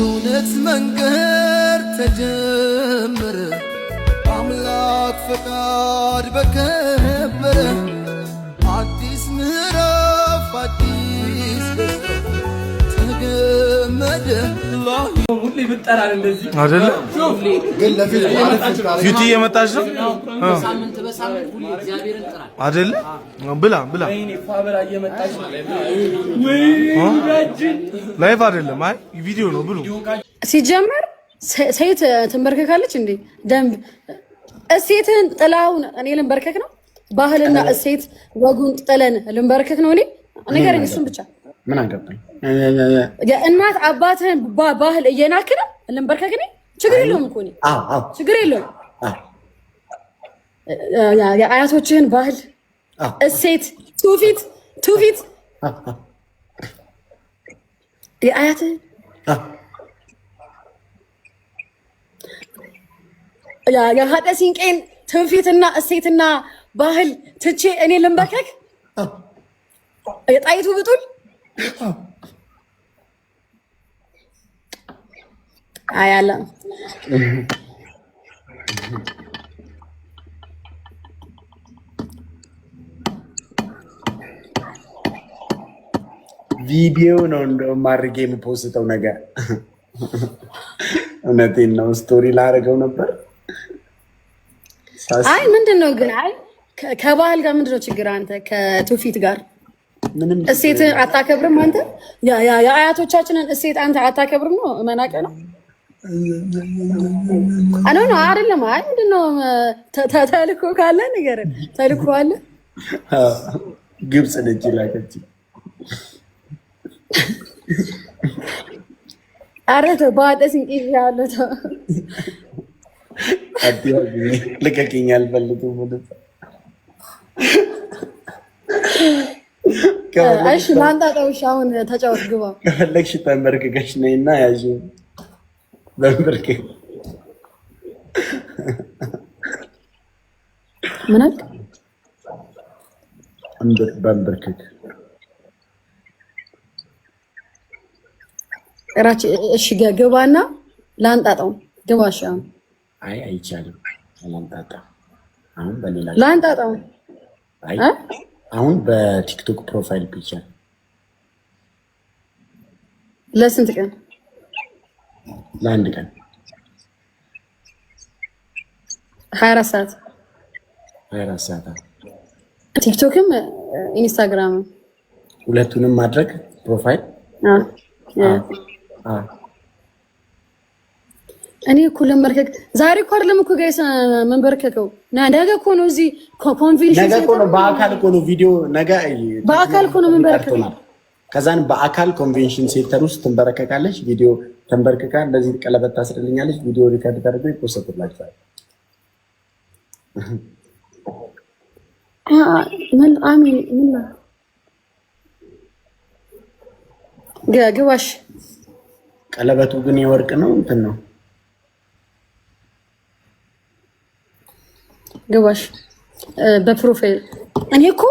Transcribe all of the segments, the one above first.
እውነት መንገድ ተጀመረ አምላክ ፈቃድ በከበረ ፊት እየመጣች ነው አይደለ? ብላ ብላ ላይፍ አይደለም፣ አይ ቪዲዮ ነው ብሎ ሲጀመር ሴት ትንበርከካለች እንዴ? ደንብ እሴትን ጥላውን እኔ ልንበርከክ ነው። ባህልና እሴት ወጉን ጥለን ልንበርከክ ነው። እኔ ንገረኝ እሱን ብቻ ምን አገባኝ። የእናት አባትህን ባህል እየናክ ነው ልንበርከክ። እኔ ችግር የለውም እኮ እኔ ችግር የለውም። የአያቶችህን ባህል እሴት፣ ትውፊት ትውፊት የአያትህን የሀደ ሲንቄን ትውፊትና እሴትና ባህል ትቼ እኔ ልንበርከክ የጣይቱ ብጡል አያለ ቪዲዮ ነው እንደውም አድርጌ የምፖስተው ነገር እውነቴን ነው። ስቶሪ ላደርገው ነበር። አይ ምንድን ነው ግን አይ ከባህል ጋር ምንድን ነው ችግር አንተ ከትውፊት ጋር ምንም እሴት አታከብርም አንተ። የአያቶቻችንን እሴት አንተ አታከብርም ነው መናቀ ነው አነ ነው አይደለም። አይ ምንድን ተልኮ ካለ ነገር ተልኮ አለ። ግብጽ ልጅ ላከች። አረ ተው በአጠስ እንቅዥ ያለ ተው ልቀቅኝ፣ አልፈልግም እሺ ላንጣጣውሽ አሁን ተጫወት ግባ። ከፈለግሽ ተንበርክከሽ ነይና ያዥ በንበርክ ምናል እንዴት በንበርክክ ራች እሺ ግባና ላንጣጣው ግባሽ። አሁን አይ አይቻልም ላንጣጣው አሁን በሌላ ላንጣጣው አይ አሁን በቲክቶክ ፕሮፋይል ብቻ ለስንት ቀን? ለአንድ ቀን ሀያ አራት ሰዓት ሀያ አራት ሰዓት ቲክቶክም ኢንስታግራምም ሁለቱንም ማድረግ ፕሮፋይል እኔ እኮ ለመበርከክ ዛሬ እኮ አይደለም እኮ ጋይስ መንበርከከው ነገ እኮ ነው። እዚህ ኮንቬንሽን ነገ እኮ ነው። በአካል እኮ ነው ቪዲዮ ነገ በአካል እኮ ነው መንበርከከው። ከዛን በአካል ኮንቬንሽን ሴንተር ውስጥ ትንበረከካለች። ቪዲዮ ተንበርከካ እንደዚህ ቀለበት ታስደልኛለች። ቪዲዮ ሪከርድ ተደርጎ ይፖስትላችኋል። ምን አሚን ምን ግባሽ። ቀለበቱ ግን የወርቅ ነው እንትን ነው ግባሽ በፕሮፋይል እኔ እኮ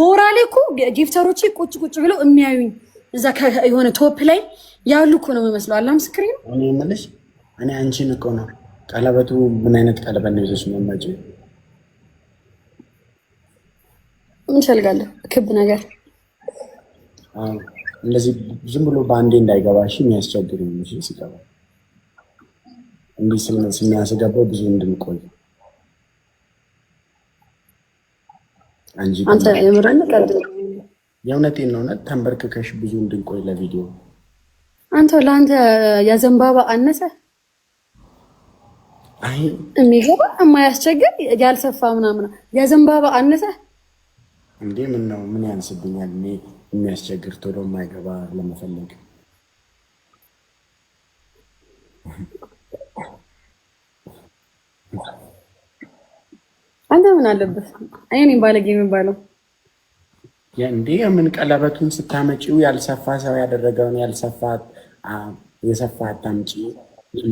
ሞራሌ እኮ ጊፍተሮቼ ቁጭ ቁጭ ብለው የሚያዩኝ እዛ የሆነ ቶፕ ላይ ያሉ እኮ ነው የሚመስለው። አላ ምስክር ነው። እኔ የምልሽ እኔ አንቺን እኮ ነው። ቀለበቱ ምን አይነት ቀለበት ነው ይዘሽ መመጭ? እንፈልጋለሁ ክብ ነገር እንደዚህ ዝም ብሎ በአንዴ እንዳይገባሽ የሚያስቸግር ሲገባ እንዲህ ስሚያስገባው ብዙ እንድንቆይ አንተ የምረን ቀልድ የእውነቴን ነው። ተንበርክከሽ ብዙ እንድንቆይ ለቪዲዮ አንተ ለአንተ የዘንባባ አነሰ የሚገባ የማያስቸግር ያልሰፋ ምናምን የዘንባባ አነሰ እንዴ? ምን ነው ምን ያንስብኛል? እኔ የሚያስቸግር ቶሎ የማይገባ ለመፈለግ ምን አለበት? እኔ ባለጌ የሚባለው እንዲህ የምን ቀለበቱን ስታመጪው ያልሰፋ ሰው ያደረገውን ያልሰፋ የሰፋ አታምጪ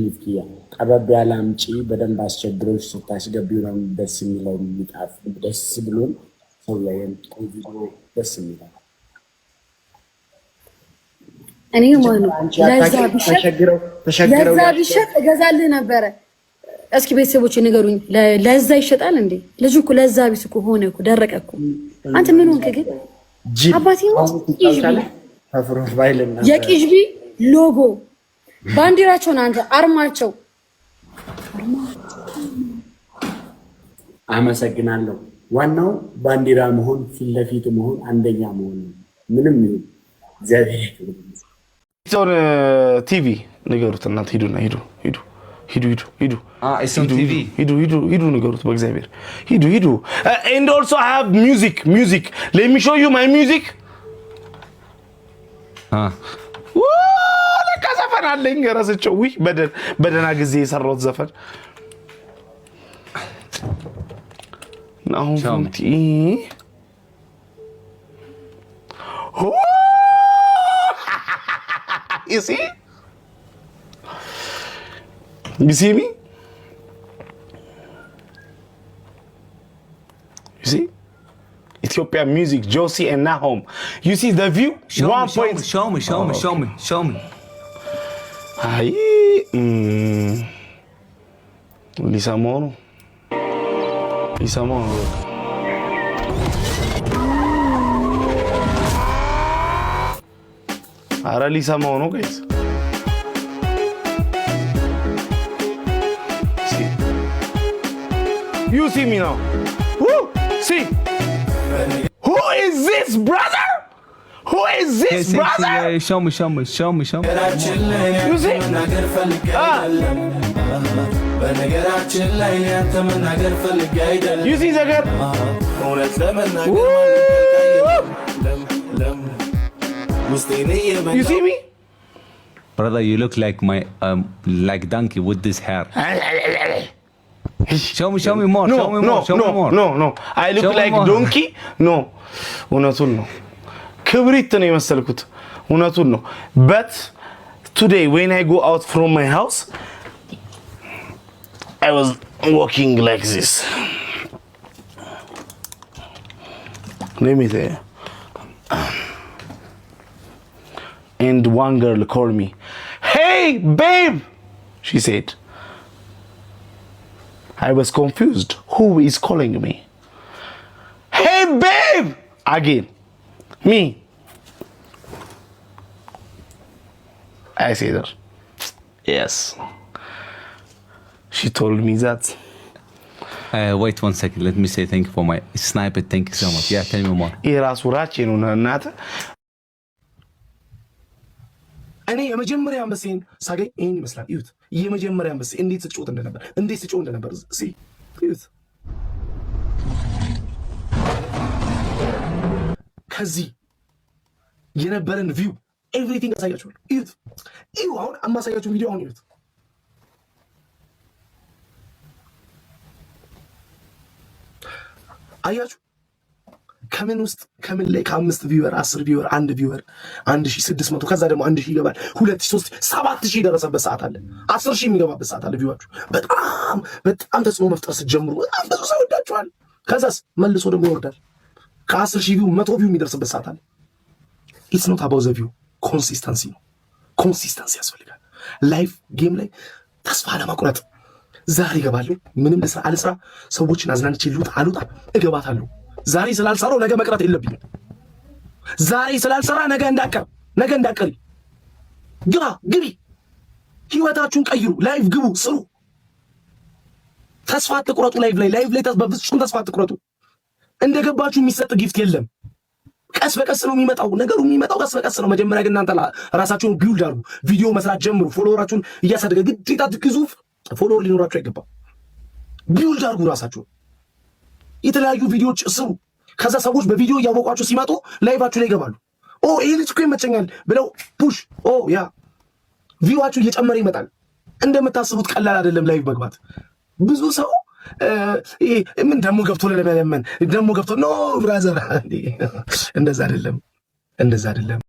ሚፍያ ጠበብ ያለ አምጪ። በደንብ አስቸግሮች ስታስገቢው ነው ደስ የሚለው የሚጣፍ ደስ ብሎን ሰው ላይ ቆንጆ ደስ የሚለው እኔ ማነው ተሸግረው ተሸግረው ለዛ ቢሸጥ እገዛልህ ነበረ እስኪ ቤተሰቦች ንገሩኝ፣ ለዛ ይሸጣል እንዴ? ልጁ እኮ ለዛ ቢስ እኮ ሆነ እኮ ደረቀ እኮ። አንተ ምን ሆንክ ግን? አባቴ የቂዥቢ ሎጎ ባንዲራቸውን አንተ አርማቸው። አመሰግናለሁ። ዋናው ባንዲራ መሆን ፊት ለፊት መሆን አንደኛ መሆን ምንም ይሁን እግዚአብሔር ቲቪ ንገሩት። እናት ሂዱና ሂዱ ሂዱ ሂዱ ሂዱ ሂዱ ሂዱ ሂዱ ሂዱ ንገሩት፣ በእግዚአብሔር ሂዱ ሂዱ። ኤንድ ኦልሶ አይ ሃቭ ሚውዚክ ሚውዚክ ሌት ሚ ሾው ዩ ማይ ሚውዚክ። ለካ ዘፈን አለኝ ረስቼው። ውይ በደህና ጊዜ የሰራሁት ዘፈን አሁን ቲ You me? You see? Ethiopia music, Josie and Nahom You see the view? Show One me, point. Show me, show me, show me, oh, show me. Aí. Hum, Lissamoro. Lissamoro. Ara Lissamoro, guys. You see me now. Who? See? Who is this, brother? Who is this, see, brother? See, show me, show me, show me, show me. You see? Ah. You see the girl? Woo! You see me? Brother, you look like my um like donkey with this hair. show me, show me more. No, no, no, no, no. I look like donkey? No. እውነቱን ነው። ክብሪት ነው የመሰልኩት። እውነቱን ነው። but today when I go out from my house I was walking like this. Let me tell And one girl called me, "Hey, babe," she said. I was confused. Who is calling me? Hey, babe! Again, me. I said that. Yes. She told me that. Uh, wait one second. Let me say thank you for my sniper. Thank you so much. Yeah, tell me more. እኔ የመጀመሪያ አንበሴን ሳገኝ ይህን ይመስላል። ዩት የመጀመሪያ አንበሴ እንዴት ስጮት እንደነበር እንዴት ስጮት እንደነበር ሲ ከዚህ የነበረን ቪው ኤቭሪቲንግ አሳያችኋል። ዩት ዩ አሁን አማሳያችሁ ቪዲዮ አሁን ዩት አያችሁ ከምን ውስጥ ከምን ላይ ከአምስት ቪወር አስር ቪወር አንድ ቪወር አንድ ሺ ስድስት መቶ ከዛ ደግሞ አንድ ሺ ይገባል ሁለት ሺ ሶስት ሰባት ሺ የደረሰበት ሰዓት አለ። አስር ሺ የሚገባበት ሰዓት አለ። ቪዋችሁ በጣም በጣም ተጽዕኖ መፍጠር ስትጀምሩ በጣም ብዙ ሰው ይወዳችኋል። ከዛስ መልሶ ደግሞ ይወርዳል። ከአስር ሺ ቪው መቶ ቪው የሚደርስበት ሰዓት አለ። ኢትስ ኖት አባው ዘ ቪው ኮንሲስተንሲ ነው። ኮንሲስተንሲ ያስፈልጋል። ላይፍ ጌም ላይ ተስፋ ለማቁረጥ ዛሬ ይገባለሁ፣ ምንም ልስራ አልስራ፣ ሰዎችን አዝናንቼ ልውጣ አልውጣ፣ እገባታለሁ ዛሬ ስላልሰራው ነገ መቅረት የለብኝም። ዛሬ ስላልሰራ ነገ እንዳቀር ነገ እንዳቀሪ ግባ ግቢ። ህይወታችሁን ቀይሩ። ላይቭ ግቡ፣ ስሩ። ተስፋ አትቁረጡ። ላይቭ ላይ ላይቭ ላይ በፍጹም ተስፋ አትቁረጡ። እንደገባችሁ የሚሰጥ ጊፍት የለም። ቀስ በቀስ ነው የሚመጣው ነገሩ፣ የሚመጣው ቀስ በቀስ ነው። መጀመሪያ ግን እናንተ ራሳችሁን ቢውልድ አድርጉ፣ ቪዲዮ መስራት ጀምሩ። ፎሎወራችሁን እያሳደገ ግዴታ ግዙፍ ፎሎወር ሊኖራችሁ አይገባም። ቢውልድ አድርጉ ራሳችሁን የተለያዩ ቪዲዮዎች ስሩ። ከዛ ሰዎች በቪዲዮ እያወቋቸው ሲመጡ ላይቫችሁ ላይ ይገባሉ። ኦ ይህ ልጅ እኮ ይመቸኛል ብለው ፑሽ ኦ ያ ቪዋችሁ እየጨመረ ይመጣል። እንደምታስቡት ቀላል አይደለም ላይቭ መግባት። ብዙ ሰው ምን ደሞ ገብቶ ለመለመን ደሞ ገብቶ ኖ ብራዘር፣ እንደዛ አይደለም፣ እንደዛ አይደለም።